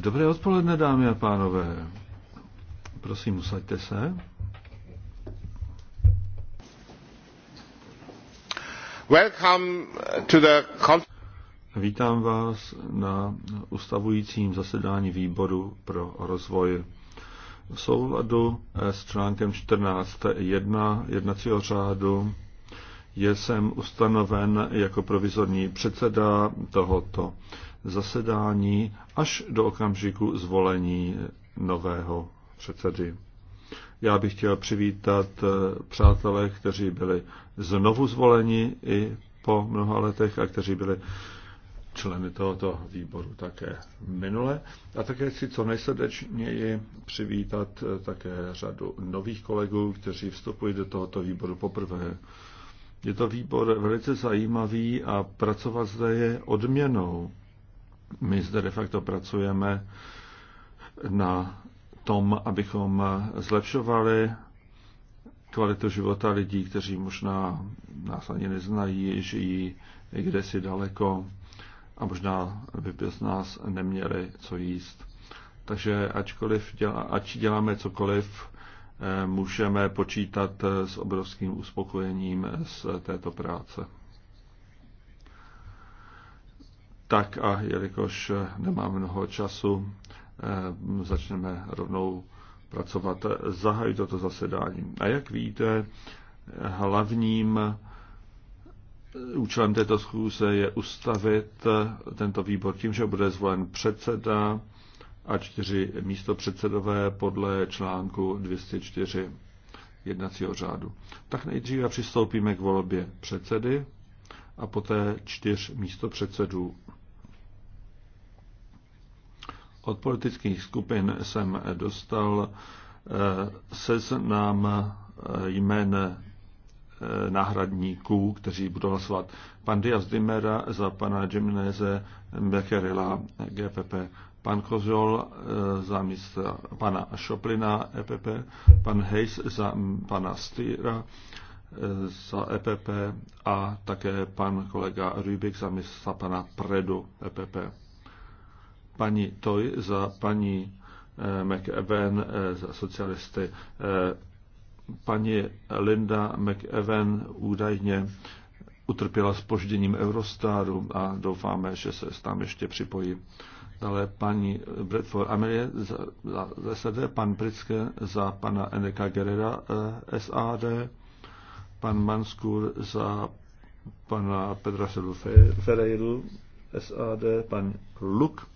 Dobré odpoledne, dámy a pánové. Prosím, usaďte se. Welcome to the Vítám vás na ustavujícím zasedání výboru pro rozvoj souladu s článkem 14.1 jednacího řádu je jsem ustanoven jako provizorní předseda tohoto zasedání až do okamžiku zvolení nového předsedy. Já bych chtěl přivítat eh, přátelé, kteří byli znovu zvoleni i po mnoha letech a kteří byli členy tohoto výboru také minule. A také chci co nejsrdečněji přivítat eh, také řadu nových kolegů, kteří vstupují do tohoto výboru poprvé. Je to výbor velice zajímavý a pracovat zde je odměnou. My zde de facto pracujeme na tom, abychom zlepšovali kvalitu života lidí, kteří možná nás ani neznají, žijí kde si daleko a možná by bez nás neměli co jíst. Takže ačkoliv děla, ač děláme cokoliv, můžeme počítat s obrovským uspokojením z této práce. Tak a jelikož nemám mnoho času, eh, začneme rovnou pracovat. Zahajuji toto zasedání. A jak víte, hlavním eh, účelem této schůze je ustavit eh, tento výbor tím, že bude zvolen předseda a čtyři místopředsedové podle článku 204 jednacího řádu. Tak nejdříve přistoupíme k volbě předsedy a poté čtyř místopředsedů. Od politických skupin jsem dostal eh, seznam eh, jmén eh, náhradníků, kteří budou hlasovat. Pan Diaz Dimera za pana Jimnéze Becherila GPP pan Kozol eh, za místa pana Šoplina EPP, pan Hayes za pana Stýra eh, za EPP a také pan kolega Rybik za místa pana Predu EPP. Paní Toj za paní eh, McEwen za socialisty. Paní Linda McEwen údajně utrpěla spožděním Eurostaru a doufáme, že se tam ještě připojí ale paní Bradford Amelie za, za SAD, pan Britské za pana N.K. Gerera eh, SAD, pan Manskur za pana Petra Selu Ferreiru SAD, pan Luk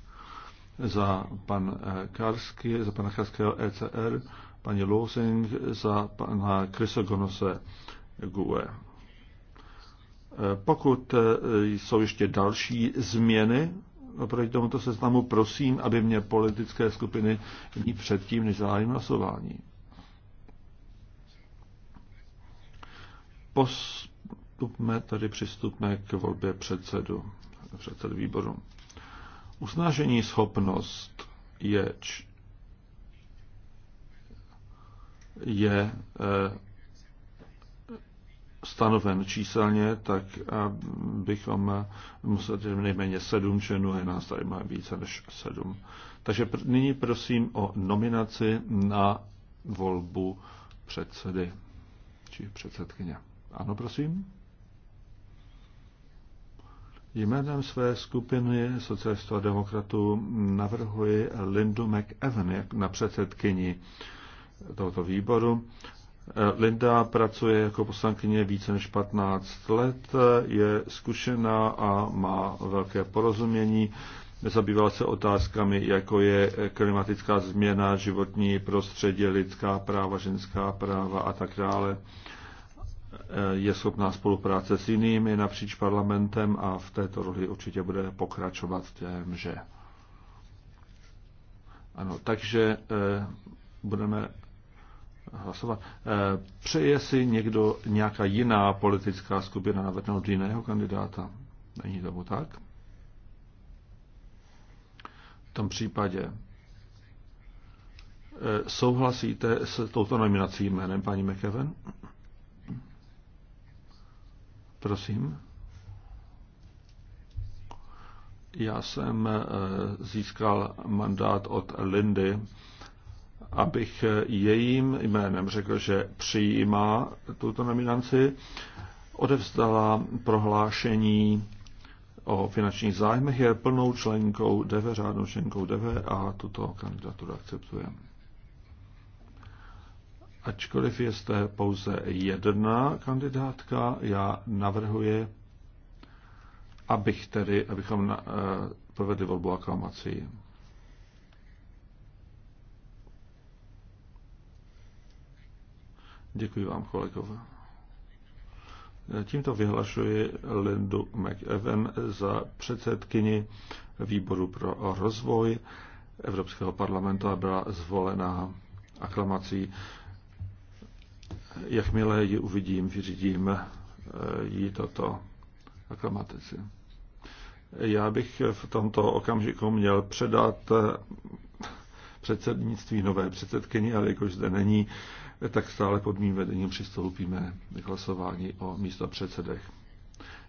za pan eh, Karsky, za pana Karského ECR, paní Losing za pana Krysogonose GUE. Eh, pokud eh, jsou ještě další změny oproti tomuto seznamu prosím, aby mě politické skupiny ní předtím než zahájím hlasování. Postupme tady přistupme k volbě předsedu, předsed výboru. Usnažení schopnost je, je eh, stanoven číselně, tak eh, bychom eh, museli nejméně sedm členů, a nás tady má více než sedm. Takže nyní prosím o nominaci na volbu předsedy či předsedkyně. Ano, prosím. Jménem své skupiny socialistů a demokratů navrhuji Lindu McEwen na předsedkyni tohoto výboru. Eh, Linda pracuje jako poslankyně více než 15 let, eh, je zkušená a má velké porozumění. Zabývala se otázkami, jako je klimatická změna, životní prostředí, lidská práva, ženská práva a tak dále. Eh, je schopná spolupráce s jinými napříč parlamentem a v této roli určitě bude pokračovat těm, že. Ano, takže budeme hlasovat. Eh, přeje si někdo nějaká jiná politická skupina navrhnout jiného kandidáta? Není to tak? V tom případě eh, souhlasíte s touto nominací jménem paní McEwen? Prosím. Já jsem eh, získal mandát od Lindy abych jejím jménem řekl, že přijímá tuto nominaci, odevzdala prohlášení o finančních zájmech, je plnou členkou DV, řádnou členkou DV a tuto kandidaturu akceptuje. Ačkoliv je zde pouze jedna kandidátka, já navrhuji, abych tedy, abychom na, eh, provedli volbu aklamací. Děkuji vám, kolegové. Tímto vyhlašuji Lindu McEwen za předsedkyni výboru pro rozvoj Evropského parlamentu a byla zvolena aklamací. Jakmile ji uvidím, vyřídím eh, jí toto aklamatici. Já bych v tomto okamžiku měl předat eh, předsednictví nové předsedkyni, ale jakož zde není, tak stále pod mým vedením přistoupíme k hlasování o místo předsedech.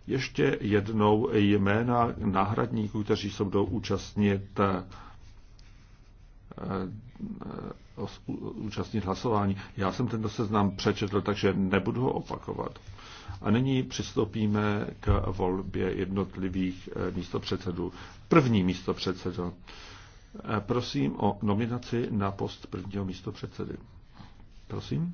Ještě jednou jména náhradníků, kteří se budou účastnit eh, eh, účastnit hlasování. Já jsem tento seznam přečetl, takže nebudu ho opakovat. A nyní přistoupíme k volbě jednotlivých eh, místopředsedů. První místopředsedo. Prosím o nominaci na post prvního místopředsedy. Prosím.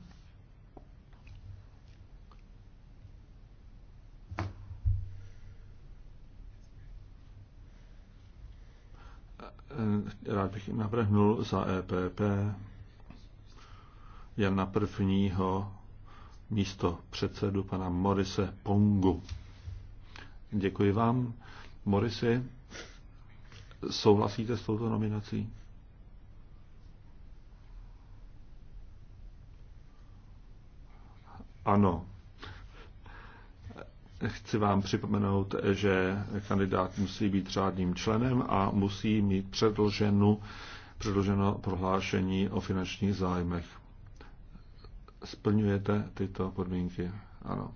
Eh, rád bych jim navrhnul za EPP na prvního místo předsedu pana Morise Pongu. Děkuji vám. Morisi, souhlasíte s touto nominací? ano. Chci vám připomenout, že kandidát musí být řádným členem a musí mít předloženu, předloženo prohlášení o finančních zájmech. Splňujete tyto podmínky? Ano.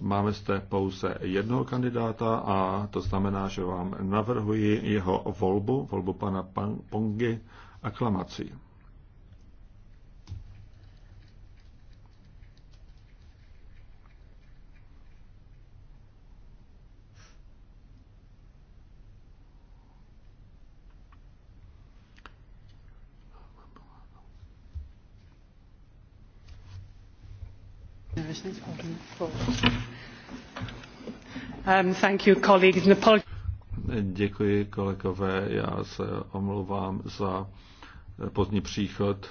Máme zde pouze jednoho kandidáta a to znamená, že vám navrhuji jeho volbu, volbu pana Pongy aklamací. Um, děkuji, kolegové. Já se omlouvám za pozdní příchod.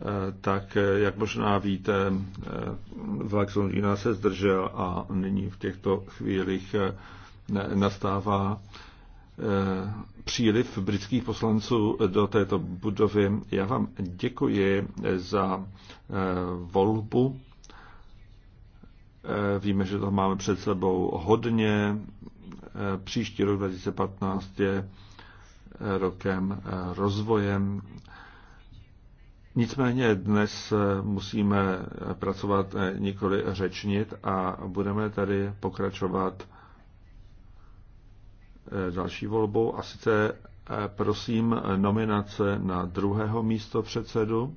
Eh, tak, eh, jak možná víte, eh, vlak z Londýna se zdržel a nyní v těchto chvílích nastává příliv britských poslanců do této budovy. Já vám děkuji za volbu Eh, víme, že toho máme před sebou hodně. Eh, příští rok 2015 je eh, rokem rozvojem. Nicméně dnes musíme pracovat nikoli řečnit a budeme tady pokračovat další volbou a sice prosím nominace na druhého místo předsedu.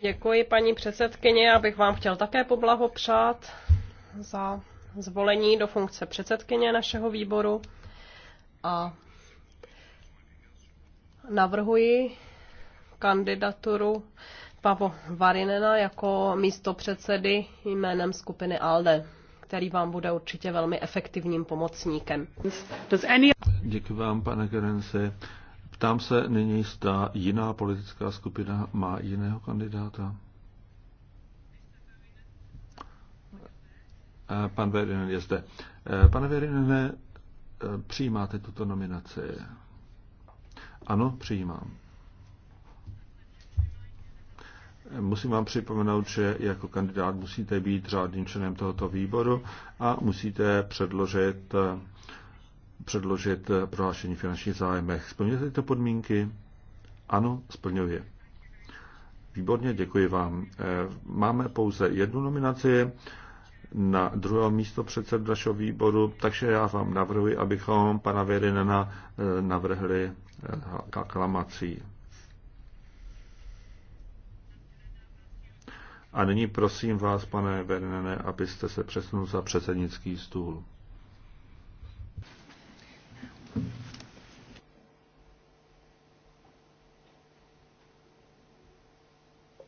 Děkuji, paní předsedkyně. Já bych vám chtěl také poblahopřát za zvolení do funkce předsedkyně našeho výboru a navrhuji kandidaturu Pavo Varinena jako místo předsedy jménem skupiny ALDE, který vám bude určitě velmi efektivním pomocníkem. Děkuji vám, pane Gerense. Ptám se nyní, zda jiná politická skupina má jiného kandidáta. Eh, pan Verinen je zde. Eh, pane Verinene, eh, přijímáte tuto nominaci? Ano, přijímám. Musím vám připomenout, že jako kandidát musíte být řádným členem tohoto výboru a musíte předložit předložit eh, prohlášení finančních zájmech. Splňujete tyto podmínky? Ano, splňuje. Výborně, děkuji vám. Eh, máme pouze jednu nominaci na druhého místo předsedu našeho výboru, takže já vám navrhuji, abychom pana Věrinena eh, navrhli k aklamací. A nyní prosím vás, pane Věrinene, abyste se přesunul za předsednický stůl.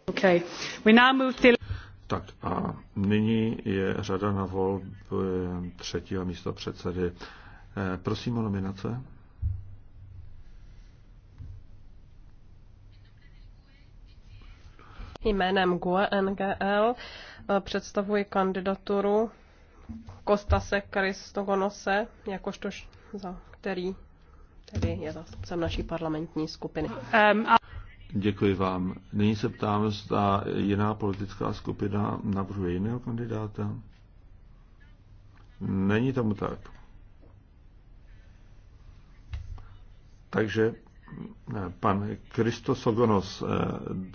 Okay. We now move to... Tak a nyní je řada na volby eh, třetího místo předsedy. Eh, prosím o nominace. Jménem GUE NGL eh, představuji kandidaturu Kostase Kristogonose jakožto za který tedy je zástupcem naší parlamentní skupiny. Um, a... Děkuji vám. Nyní se ptám, zda jiná politická skupina navrhuje jiného kandidáta. Není tomu tak. Takže eh, pan Kristo Sogonos eh,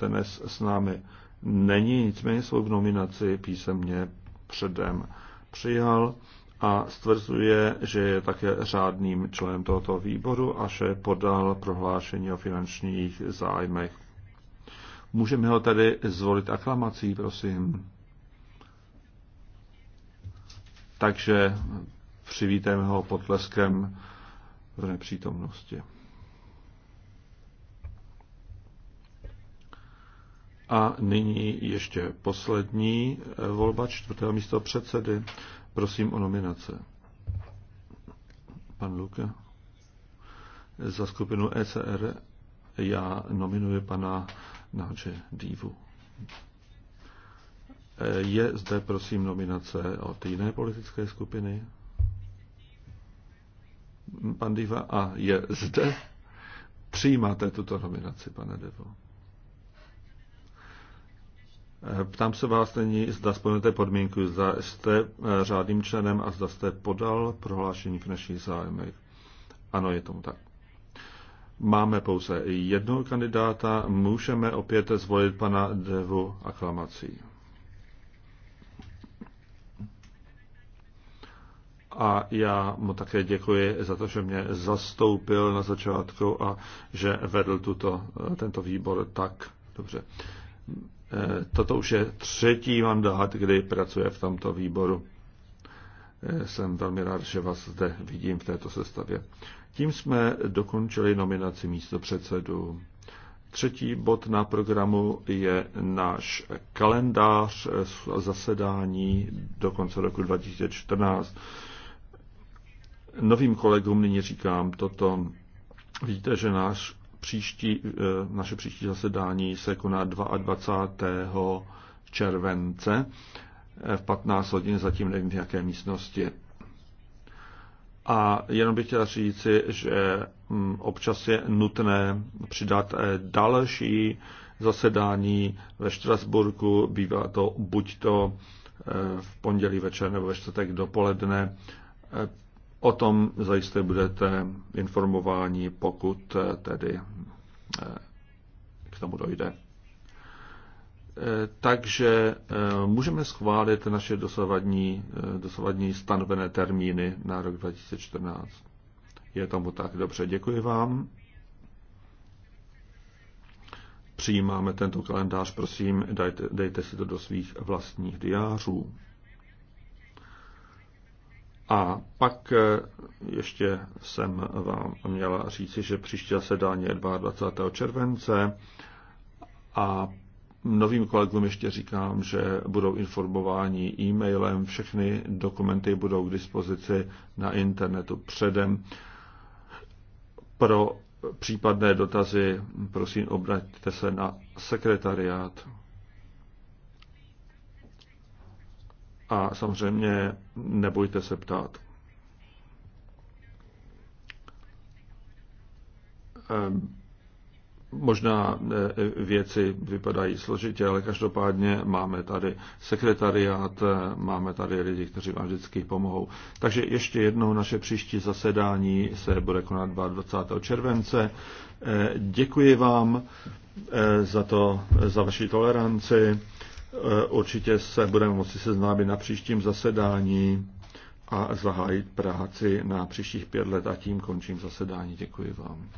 dnes s námi není, nicméně svou nominaci písemně předem přijal a stvrzuje, že je také řádným členem tohoto výboru a že podal prohlášení o finančních zájmech. Můžeme ho tedy zvolit aklamací, prosím. Takže přivítáme ho potleskem v nepřítomnosti. A nyní ještě poslední volba čtvrtého místo předsedy. Prosím o nominace. Pan Luka. Za skupinu ECR já nominuji pana Nádže Dívu. Je zde, prosím, nominace od jiné politické skupiny? Pan Diva, a je zde? Přijímáte tuto nominaci, pane Devo? Eh, ptám se vás nyní, zda splňujete podmínku, zda jste eh, řádným členem a zda jste podal prohlášení k naší zájmech. Ano, je tomu tak. Máme pouze jednoho kandidáta, můžeme opět zvolit pana Devu aklamací. A já mu také děkuji za to, že mě zastoupil na začátku a že vedl tuto, eh, tento výbor tak dobře. Eh, toto už je třetí mandát, kdy pracuje v tomto výboru. Eh, jsem velmi rád, že vás zde vidím v této sestavě. Tím jsme dokončili nominaci místo předsedu. Třetí bod na programu je náš kalendář eh, zasedání do konce roku 2014. Novým kolegům nyní říkám toto. Vidíte, že náš Příští, eh, naše příští zasedání se koná 22. července eh, v 15 hodin, zatím nevím v jaké místnosti. A jenom bych chtěl říci, že hm, občas je nutné přidat eh, další zasedání ve Štrasburku. Bývá to buď to v pondělí večer nebo ve čtvrtek dopoledne O tom zajisté budete informováni, pokud eh, tedy eh, k tomu dojde. Eh, takže můžeme schválit naše dosavadní, dosavadní stanovené termíny na rok 2014. Je tomu tak dobře, děkuji vám. Přijímáme tento kalendář, prosím, dejte, dejte si to do svých vlastních diářů. A pak eh, ještě jsem vám měla říci, že příští se dá 22. července a novým kolegům ještě říkám, že budou informováni e-mailem, všechny dokumenty budou k dispozici na internetu předem. Pro případné dotazy prosím obraťte se na sekretariát. a samozřejmě nebojte se ptát. Ehm, možná eh, věci vypadají složitě, ale každopádně máme tady sekretariát, eh, máme tady lidi, kteří vám vždycky pomohou. Takže ještě jednou naše příští zasedání se bude konat 22. července. Eh, děkuji vám za to, za vaši toleranci Eh, určitě se budeme moci seznámit na příštím zasedání a zahájit práci na příštích pět let a tím končím zasedání. Děkuji vám.